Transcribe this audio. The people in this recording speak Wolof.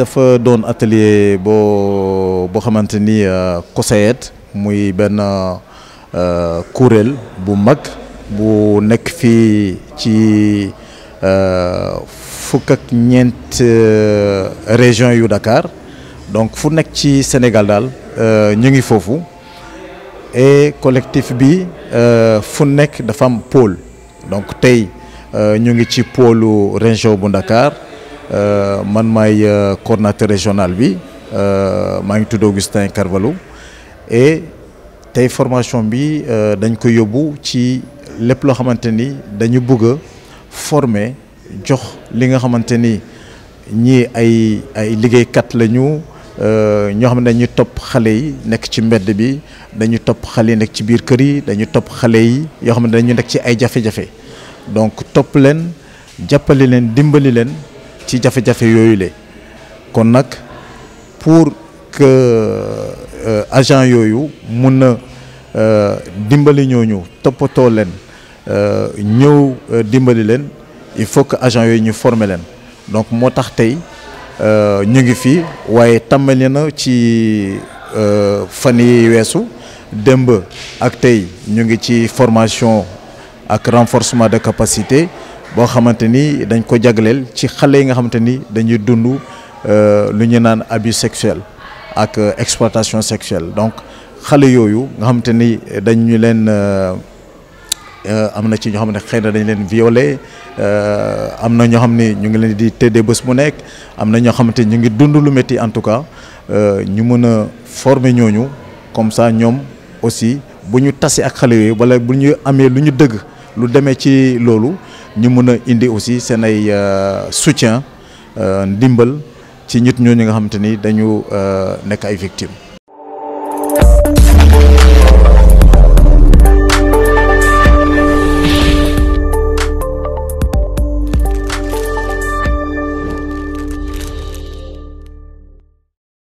dafa doon atelier boo boo xamante ni euh, COSAED muy benn euh, kuréel bu mag bu nekk fii ci euh, fukk ak ñeent région yu Dakar donc fu nekk ci Sénégal daal ñu ngi foofu et collectif bi fu nekk dafa am pôle donc tey ñu ngi ci pôlu région bu Dakar. Euh, man le euh, coordinateur régional bi euh mangi Augustin Carvalho et tay formation bi euh, dañ ko yóbbu ci lepp lo xamanteni dañu bëgg former jox li nga ni ay ay kat lañu xam top top yi nek ci mbedd bi dañu top xalé nek ci kër yi dañu donc top ci jafé jafé pour que euh, agent yoyou mun euh, dimbali ñooñu euh, dimbali il faut que agent ñu donc motax tay euh, ñu ngi fi waye ci formation ak renforcement de capacité bo xamanteni dañ ko jagleel ci xalé yi nga xamanteni dañuy dund euh, lu ñu nane abus sexuel ak euh, exploitation sexuelle donc xalé yoyu nga xamanteni dañ ñu len euh, euh amna ci ñoo xamanteni ne dañ len violer euh amna ñoo xam ñu ngi len di tédé bëss mu nekk amna na xamanteni ñu ngi dund lu metti en tout cas ñu mëna former ñoñu comme ça ñom aussi bu ñu tasee ak xale yooyu wala bu ñu amee lu dëgg lu démé ci lolu ñu mun a indi aussi seen ay euh, soutien euh, ndimbal ci ñit ñooñu nga xamante ni dañu euh, nekk ay victimes.